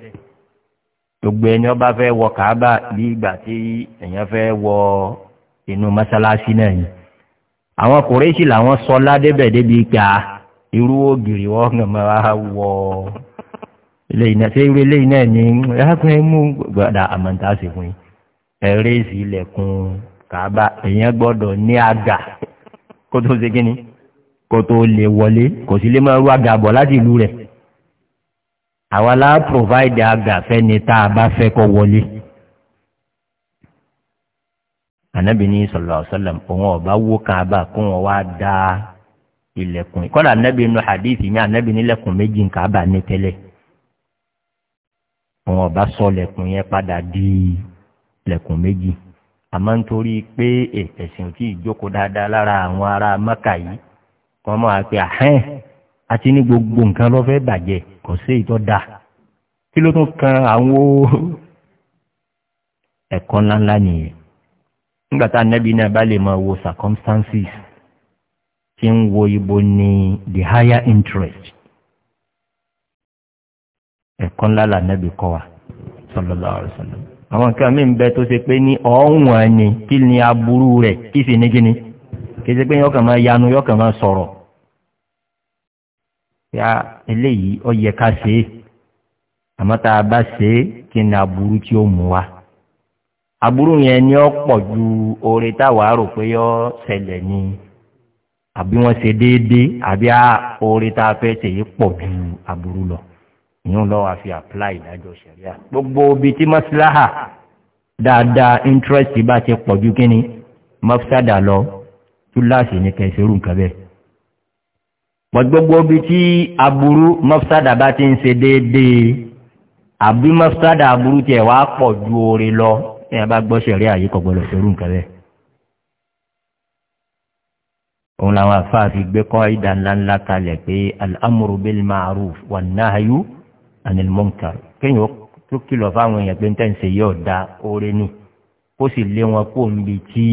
gbogbo ẹni ọba fẹ́ wọ kàábà bí ìgbà tí èèyàn fẹ́ wọ inú mọ́sálásí náà yìí àwọn kùrẹ́ṣì làwọn sọ ládébẹ̀ débi gbà irú ògiri wọn kàn máa wọ ilé iná ṣé irú ilé iná ni ẹ̀kún mú gbọ́dọ̀ àmọ̀ǹtà sí fún yín ẹ̀rẹ́ èsì ilẹ̀kùn kàbá èèyàn gbọ́dọ̀ ní àgà kó tó ṣe kí ni kó tó lè wọlé kò sí lè máa rú àgà bọ̀ láti ìlú rẹ̀ àwa la provide àgà fẹ́ni tá a bá fẹ́ kó wọlé anabini sọlọ sọlọm òun ọba wó kaaba kó wọn wá da ilẹ̀kùn kọ́lá anabini hadith ní anabini lẹ́kùn méjì kaaba ní tẹ́lẹ̀. wọn ọba sọ lẹ̀kùn yẹn padà di lẹ̀kùn méjì àmọ́ nítorí pé eh, ẹ̀sìn tí ìjókòó dáadáa lára àwọn ará maka yìí wọ́n máa pe àhẹ́n àti ní gbogbo nǹkan ló fẹ́ bàjẹ́ kò sí ìtọ́ da kí ló tún kan àwọn ẹ̀kọ́ ńláńlá nìyẹn nígbà tá nẹ́bí náà bá lè máa wo circumstances tí ń wo the higher interest ẹ̀kọ́ ńlá lànàbì kọ́ wa sallallahu alaihi wasallam àwọn nǹkan mí ń bẹ tó ṣe pé ní ọ̀wọ̀n ni kí ni aburú rẹ̀ kí sì ní gíní kí ṣe pé yọkàn máa yanu yọkàn máa sọ̀rọ̀ ya eléyìí ó yẹ ká ṣe é àmọ́ tá a bá ṣe é kí ni aburú tí ó mú wa aburú yẹn ni ó pọ̀ ju oore táwa rò pé yọ ṣẹlẹ̀ ni àbí wọ́n ṣe déédéé àbí oore tá a fẹ́ ṣe yìí pọ̀ ju aburú lọ ìyún lọ́wọ́ àfi apply ìdájọ́ sẹ̀ríà gbogbo ibi tí mọ́síláhà dáadáa interest bá ti pọ̀ ju kí ni mọ́físádà lọ túláàsì ní kẹsìrú nǹkan bẹ́ẹ̀ pọ̀ gbogbo ibi tí aburú mọ́físádà bá ti ń ṣe déédéé àbí mọ́físádà aburú tiẹ̀ wá pọ̀ ju oore lọ ẹ̀ bá gbọ́ sẹ̀ríà yìí kọ̀ gbọ́dọ̀ ṣerú nǹkan bẹ́ẹ̀ òun làwọn àfáà gbé kọ́ ìdánláńlá kalẹ̀ pé al'amuru bil ma'aruf anil munkar kéèyàn tó kìlọ̀ fáwọn èèyàn pé ń tẹ̀sẹ̀ yóò da oore nù kó sì lé wọn kó ń bi tí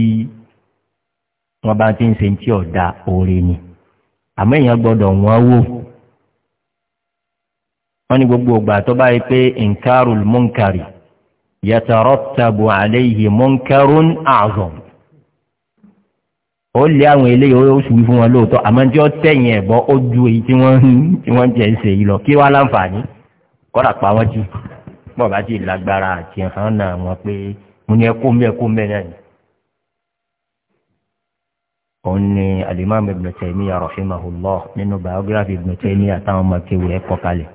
wọn bá ti ń se tí ọ̀dà oore ni àmọ́ èèyàn gbọ́dọ̀ wọ́n wò wọ́n ní gbogbo ògbà tó báyìí pé nkarul munkari yàtọ̀rọ̀ tabu àléyìí munkarun azọm ó lé àwọn eléyìí ó sì wí fún wọn lóòótọ́ àmọ́ tí ó tẹ̀yìn ẹ̀bọ́ ó ju èyí tí wọ́n ń tiẹ̀ ń se yìí lọ kí wọ́n á láǹfààní kọ́ra pa wọ́n jù bọ́ọ̀ bá ti lágbára àti ẹ̀hán náà wọn pé mo ní ẹkú mi ẹkú mi náà ni. òun ni alimami ibn taymiya rahimahullah nínú biography ibn taymiya táwọn ọmọ kéwì ẹ kọ kalẹ̀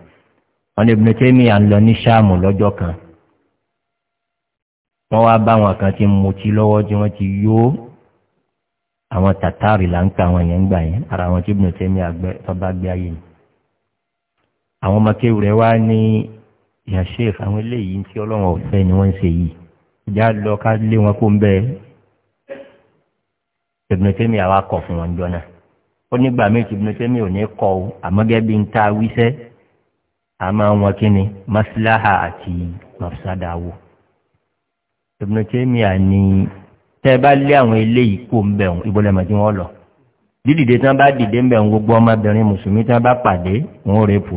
wọn ni ibn taymiya ń lọ ní sáàmù lọ́jọ́ kan wọ́n wá bá wọn kan ti mutí lọ́wọ́ tí wọ́n ti yó àwọn tàtàrí là ń ka àwọn yẹn ń gbà yẹn ara wọn tí ibn taymiya tọ́ bá gbé ayé ni àwọn ọmọkéwù rẹ̀ wá ní ìyàṣẹ́ àwọn eléyìí tí ọlọ́run ọ̀fẹ́ ni wọ́n ń ṣe yìí ìjà lọ ká lé wọn kó ń bẹ́ẹ̀ tẹ̀gbẹ́tẹ́mì àwa kọ̀ fún wọn jọ náà ó nígbà míì tẹ̀gbẹ́tẹ́mì ò ní kọ́ ọ àmọ́ gẹ́gẹ́ bí n ta wíṣẹ́ àmọ́ wọn kí masilaha àti mafsada wò àní tẹ́ bá lé àwọn eléyìí kó ń bẹ̀ wọn ìbọ̀lẹ̀ mọ̀ lọ dídìde tí wọ́n bá dìde ń bẹ̀ wọn gbogbo ọmọbìnrin mùsùlùmí tí wọ́n bá pàdé wọn ò rèé pù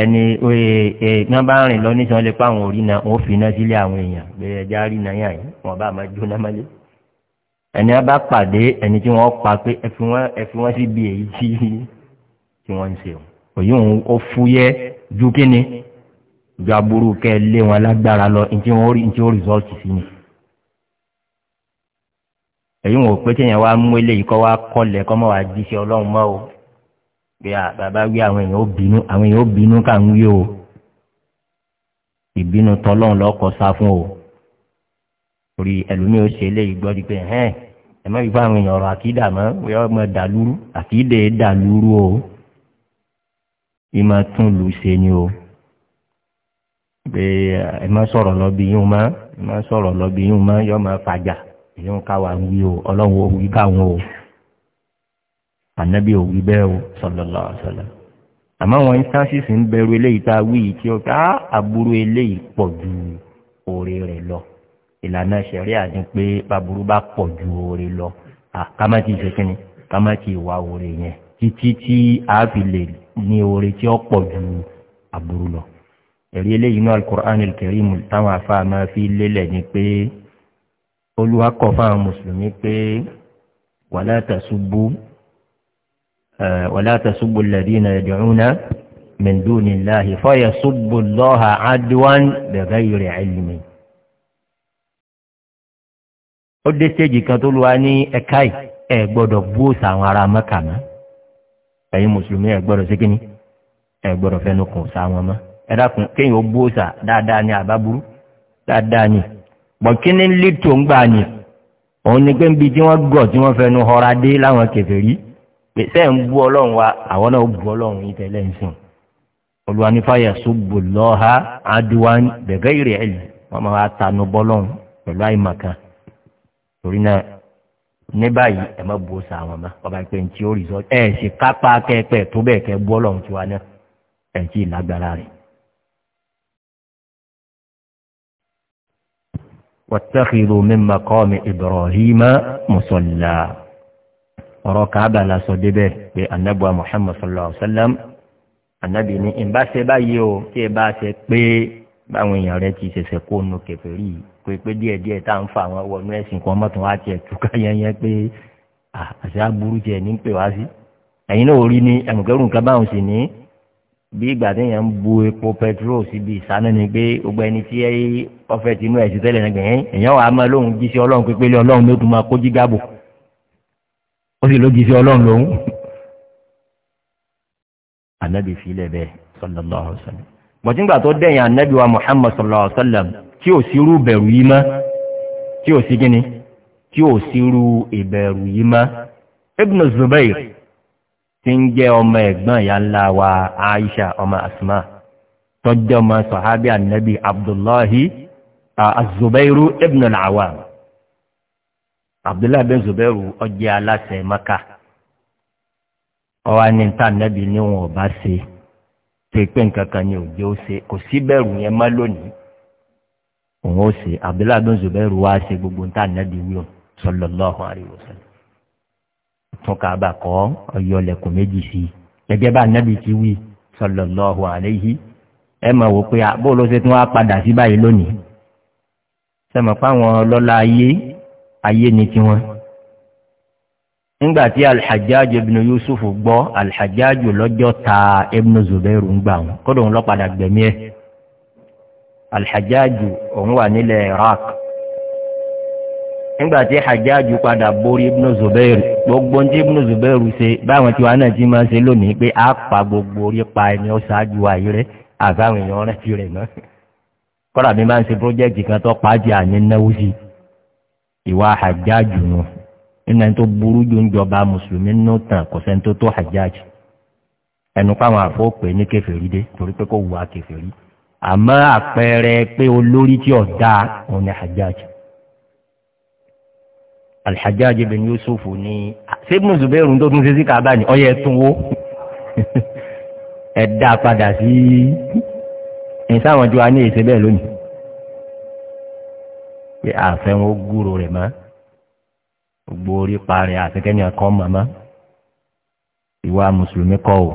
ẹni ìgbọ́n bá rìn lọ níṣàn lè pa àwọn orí náà wọ́n fi iná sílé àwọn èèyàn bẹ̀rẹ̀ ẹja rí náà yàn yín wọ́n bá máa jóná mọ́lé ẹni a bá pàdé ẹni tí wọ́n pa pé ẹ fi wọ́n sí bí èyí tí wọ́n ń ṣe òyí òun ó fúyẹ́ ju kíni ju aburú kẹ lé wọn lágbára lọ ní tí wọ́n rí ní tí ó rìsọ́ọ̀tì sí ni èyí wọn ò pé téèyàn wá mú eléyìí kọ́ wá kọ́lẹ̀ kọ́ mọ́ wá jíṣẹ́ ọlọ́run mọ́ o a bàbá gbé àwọn èèyàn ó bínú àwọn èèyàn ó bínú ká ń wí o ìbínú tọlọ́run lọ́kọ̀ sá fún o torí ẹlòmíì ó ṣe eléyìí gbọ́ di pé hẹ́n ẹ má àwọn èèyàn ọ̀rọ̀ àkídà mọ́ wíwá ọmọ o tún lù ṣe ni o ẹ má sọ̀rọ̀ lọ bí yín o má ẹ má sọ̀rọ̀ ànábì òwì bẹ́ẹ̀ o sọlọ́lá ọ̀sọ̀lá àmọ́ àwọn instances ń bẹ̀rù eléyìí tá a wí yìí tí ó ká àbúrò eléyìí pọ̀ ju oore rẹ̀ lọ ìlànà ṣẹ̀rí àti pé bàbúrú bá pọ̀ ju oore lọ kámá ti ṣe kínní kámá ti wá oore yẹn títí tí a fi lè ní oore tí ó pọ̀ ju àbúrò lọ ẹ̀rí eléyìí inú alukur'an kẹrìmù táwọn afáà máa fi lélẹ̀ ni pé olùwàkọ̀ fáwọn mùsùlùmí pé wàlá tàṣubú ولا تسبوا الذين يدعون من دون الله فيسبوا الله عدوا بغير علم ó dé stéèjì kan tó lùwá ní ẹ̀ka yìí ẹ̀ gbọ́dọ̀ bú òsà àwọn ará mẹ́ka mọ́ ẹ̀yin mùsùlùmí ẹ̀ gbọ́dọ̀ sí kínní ẹ̀ gbọ́dọ̀ fẹ́nu kùn òsà wọn mọ́ ẹ̀ dákun kéèyàn ó dáadáa ní àbábúrú dáadáa ní bọ̀kínní lítò ń gbà ní òun ni pé ń tí wọ́n gọ̀ tí wọ́n fẹ́nu họra dé láwọn kẹfẹ́ rí pèsè ń bú ọlọ́run wa àwọn náà bú ọlọ́run yìí tẹ́lẹ̀ ń sìn olùwà ṣubú lọ́ha adúwà bẹ̀gẹ́ ìrẹ̀ ẹ̀lì wọ́n máa tanú bọ́lọ́run pẹ̀lú àìmọ̀kan torí náà ní báyìí ẹ̀ má bu ọ̀sà àwọn ọmọ ọba ìpè ní tí ó rìsọ́ ẹ̀ sì kápá kẹ́ẹ̀pẹ́ tó bẹ́ẹ̀ kẹ́ bú ọlọ́run tiwa náà ẹ̀ tí ì lágbára rẹ̀. wàtẹ́kìlú mímọ́ kọ́ mi ìbọ̀rọ̀ ọ̀rọ̀ kaaba la sọ débẹ̀ pé anabuwa muhammad sallallahu alaihi wa sallam anabi ni ìbá ṣe báyìí o tí ẹ bá ṣe pé báwọn èèyàn rẹ ti ṣẹ̀ṣẹ̀ kó nu kẹfẹ́rì pé pé díẹ̀díẹ̀ tá à ń fa àwọn wọnú ẹ̀sìn kan mọ́tò wá tiẹ̀ túká yẹnyẹn pé àṣà burú jẹ ní pè wá sí ẹ̀yin náà rí ni ẹ̀mùkẹ́rù nǹkan báwọn sì ní bí ìgbà téèyàn ń bu epo pẹtrol síbi ìsáná ni pé gbogbo ẹni tí ọfẹ tinú ẹ̀ ti tẹ́lẹ̀ nígbẹ̀yìn èèyàn wàá máa lóhun jíṣẹ́ ọlọ́run pípélé ọlọ́run ló tún máa kó jígábò ó sì lójì sí ọlọ́run lòun anabi filẹ̀ bẹ́ẹ̀ sallallahu alayhi wa sallam bọ̀tíngbà tó dẹ̀yìn anabi wa muhammad sallallahu alayhi wa sallam tí ò sí irú bẹ̀rù yìí mọ́ tí ò sí gíní tí ò sí irú ìbẹ̀rù yìí mọ́ ibn zubair ti ń jẹ́ ọmọ ẹ̀gbọ́n ìyá ńlá wa aisha ọmọ asma tọ́jọ́ ọmọ sọ̀hábí anabi abdullahi azubairu ibn al-awam abdullahi bin zubairu ọjẹ́ aláṣẹ maka ọwọ́ ní ta nẹ́bi níwọ̀n ọba ṣe tó pé nǹkan kan ní òjò ṣe kò sí bẹ̀rù yẹn mọ́ lónìí òun ó ṣe abdullahi bin zubairu wá ṣe gbogbo ta nẹ́bi wíwọ̀n sọlọ́lọ́hu àríwọ̀sán tún ká bá kọ́ ọyọlẹ̀kùn méjì sí gẹ́gẹ́ bá nẹ́bi ti wí sọlọ́lọ́hu àríyí ẹ mọ̀ wò pé bó ṣe tún wá padà sí báyìí lónìí sẹ́mọ̀ fáwọn ọlọ́lá ayé ayé ni tiwọn. nígbà tí alhajjaj ibn yusuf gbọ́ alhajjaj lọ́jọ́ ta ibn zubairu ń gbà wọn kódò ń lọ́padà gbẹ̀mí ẹ̀ alhajjaj òun wà nílẹ̀ iraq nígbà tí hajjaj padà borí ibn zubairu gbogbo tí ibn zubairu ṣe báwọn tí wọn náà ti máa ṣe lónìí pé a pa gbogbo orí pa ẹni ó ṣáájú ayé rẹ àbáwọn èèyàn rẹ ti rẹ náà kọ́ra mi máa ń ṣe pírójẹ́kì kan tó pàdé àní náwó sí i ìwà àjájù nù nínú ẹni tó burú ju ń jọba mùsùlùmí nínú tàn kò sẹ́ni tó tó àjájù ẹnu káwọn àfọ́pẹ́ ní kẹfẹ́rí dé torí pé kò wà kẹfẹ́rí àmọ́ àpẹẹrẹ pé olórí tí ọ̀dà òun ni àjájù alhajjaj bin yusuf ni ṣé mùsùlùmí tó tún ṣe sí kaaba ni ọyẹ tún wó ẹ dá padà sí ẹ sáwọn ju wa ní èsè bẹ́ẹ̀ lónìí pé àfẹ́ wọn gúrò rẹ̀ mọ́ gbogbo orí parí àfikẹ́yìn ọkọ mọ̀mọ́ ìwà mùsùlùmí kọ́ o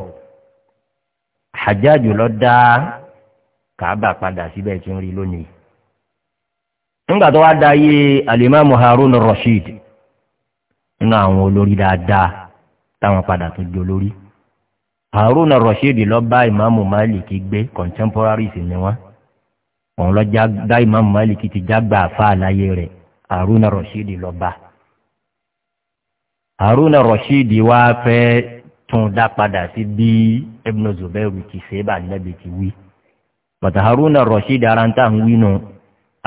àjájò lọ dá kàábà padà síbẹ̀ tí ń rí lónìí nígbà tó wá dá yé alimami haruna rasheed nínú àwọn olórí dáadáa táwọn padà tó di olórí haruna rasheed lọ bá ìmáàmù malik gbé contemporaries ni wọn òun lọ dá imam malik ti jágbá àfa àlàyé rẹ̀ haruna rasheed lọ bá haruna rasheed wá fẹ́ tún dá padà sí bí ibn zubairu ti ṣe é bá nẹ́bi ti wí bàtà haruna rasheed ara ń tà ń wí nù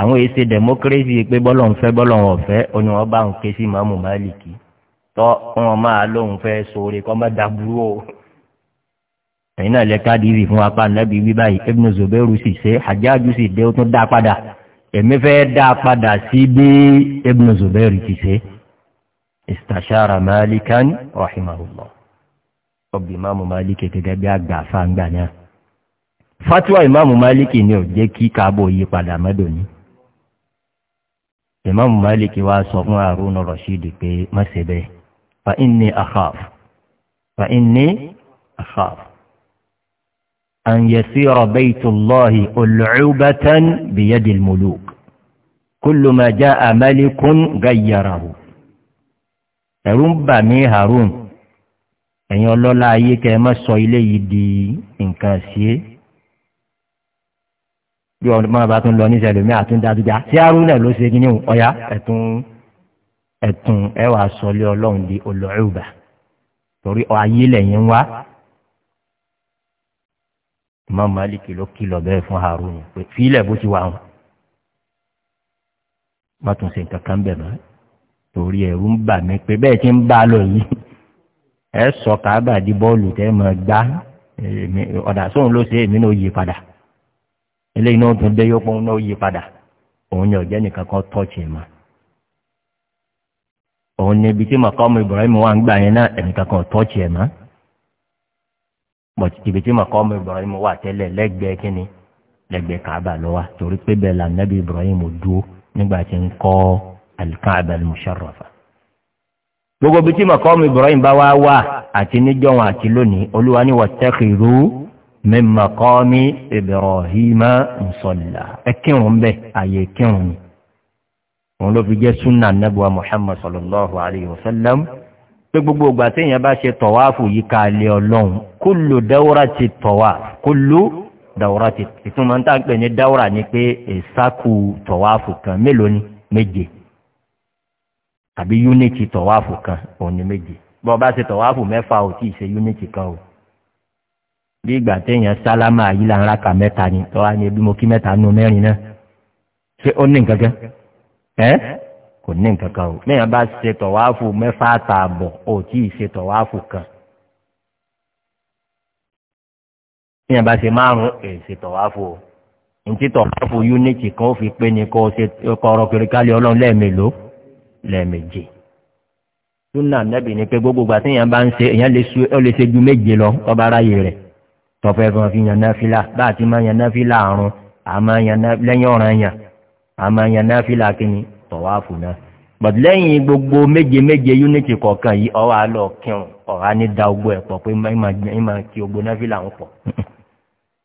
àwọn èsì democracy pé bọ́lọ̀ ń fẹ́ bọ́lọ̀ ń ọ̀fẹ́ oní wọn bá ń ké sí imam malik tọ́ wọn máa lóun fẹ́ sóore kọ́ mọ́ dàbúrò ẹ̀yin náà lẹ́ka dìbì fún apá nàbí wí báyìí ibùdó zòbẹ́rù sì ṣe àjájú sì dé ó tún dá padà èmi fẹ́ dá padà sí bí ibùdó zòbẹ́rù ti ṣe istashara malikan rahimahullah ọgbìn imáàmù maliki gẹ́gẹ́ bí àgbà fáńgbà náà fatiwa imáàmù maliki ni ò jẹ́ kí káàbọ̀ yí padà mẹ́dọ̀ ni imáàmù maliki wa sọ fún haruna rasheed أن يسير بيت الله ألعوبة بيد الملوك كل ما جاء ملك غيره ẹ̀rù ń bà mí harun ẹ̀yin ọlọ́lá ayé kẹ́ ẹ má sọ ilé yìí di nǹkan sí é bí ọmọ bá tún lọ níṣẹ́ lómi àtúndájúdá sí harun náà ló ṣe kíní ọ̀yá ẹ̀tún ẹ̀tún ẹ̀wà sọ lé ọlọ́run di olùrẹ́ùbà torí ayé lẹ́yìn wá ìmọ̀ malik ló kìlọ̀ bẹ́ẹ̀ fún haruna pé fílẹ̀ bó ti wà wọn má tún ṣe nǹkan kan bẹ̀ mọ́ torí ẹ̀rú ń bà mí pé bẹ́ẹ̀ ti ń bá a lọ yìí ẹ sọ káàbà di bọ́ọ̀lù tẹ́ mọ̀ gbá ọ̀dà sóun ló ṣe èmi náà yí padà eléyìí náà tún dé yọpọ̀ náà yí padà òun ni ọ̀jẹ́ nìkan kan tọ́ọ̀tì mọ́ òun ni ibi tí màkọ́mù ibrahim wà ń gbà yẹn náà ẹnìkan kan tọ́ọ̀tì mọ́ but ibi tí màkà ọmọ ibrahim wà tẹ́lẹ̀ lẹ́gbẹ̀ẹ́ kínní lẹ́gbẹ̀ẹ́ kaaba ló wà torí pé bẹ́ẹ̀ la nabi ibrahim dúró nígbà tí ń kọ́ alikaaba al-musharrafa gbogbo bí tí màkà ọmọ ibrahim bá wá wà àti níjọ́wọ̀n àti lónìí olúwa ní wàtẹ́kìrú mímàkọ́mí ibrahim musalla ẹ kírun bẹ́ẹ̀ àyè kírun ni òun ló fi jẹ́ sunna nabuwa muhammad sallallahu alayhi wa sallam pé gbogbo ìgbà téèyàn bá ṣe tọ̀wáàfù yìí ká lé ọlọ́run kúlù dáwúrà ti tọ̀wá kúlù dáwúrà ti ìtumọ̀ níta pè ní dáwúrà ni pé ìsákù tọ̀wáàfù kan mélòó ni méje àbí yúnítì tọ̀wáàfù kan òun ni méje bọ́ bá ṣe tọ̀wáàfù mẹ́fà ò tí ì ṣe yúnítì kan o bí ìgbà téèyàn sálámà yìí là ń ra kà mẹ́ta ni tọ́wá ni ebi mo kí mẹ́ta nù mẹ́rin náà ṣé ó ní nǹkan kan ẹ́ kò ní nǹkan o mẹ́yàn bá ṣe tọ̀wáfù mẹ́fà àtààbọ̀ ò tí ì ṣe tọ̀wáfù kan mẹ́yàn bá ṣe márùn ẹ̀ e ṣe tọ̀wáfù o ntí tọ̀wáfù yúnítì kan ó fi pé ni kó ṣe kọ̀ọ̀rọ̀ kiri ọlọ́run lẹ́ẹ̀mélòó lẹ́ẹ̀mejì súnà nẹ́bì ni pé gbogbo gbà téèyàn bá ń ṣe èèyàn lè ṣe ju méje lọ ọba aráyè rẹ̀ tọ́fẹ́ fún fi yànnà fílà bá àti máa yànnà fílà àrùn àmọ́ yànnà lẹ́yìn ọ̀ràn yàn àmọ́ yànnà fílà kìíní tọ̀wáàfù náà but lẹ́yìn gbogbo méje méje unity kọ̀ọ̀kan yìí ọwọ́ àlọ́ kírun ọ̀rá ní da ogbó ẹ̀ pọ̀ pé ìmọ̀ kí ogbó náà fi làwọn pọ̀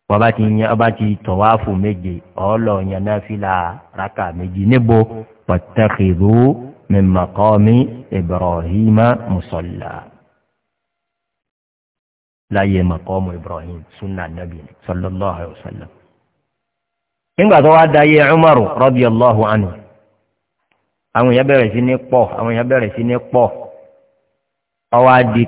wọ́n bá ti yan ọba ti tọ̀wáàfù méje ọ̀ọ́lọ̀ yan náà fi là rákà méjì níbo pọ̀tẹ́kìrú mímọ̀kọ́mí ibrahima musola láyé mọ̀kọ́mù ibrahim sunna nabi sallallahu alayhi wa sallam. nígbà tó wá dayé umaru rabi allahu anhu àwọn èèyàn bẹ̀rẹ̀ sí ní pọ̀ àwọn èèyàn bẹ̀rẹ̀ sí ní pọ̀ ọwọ́ á pé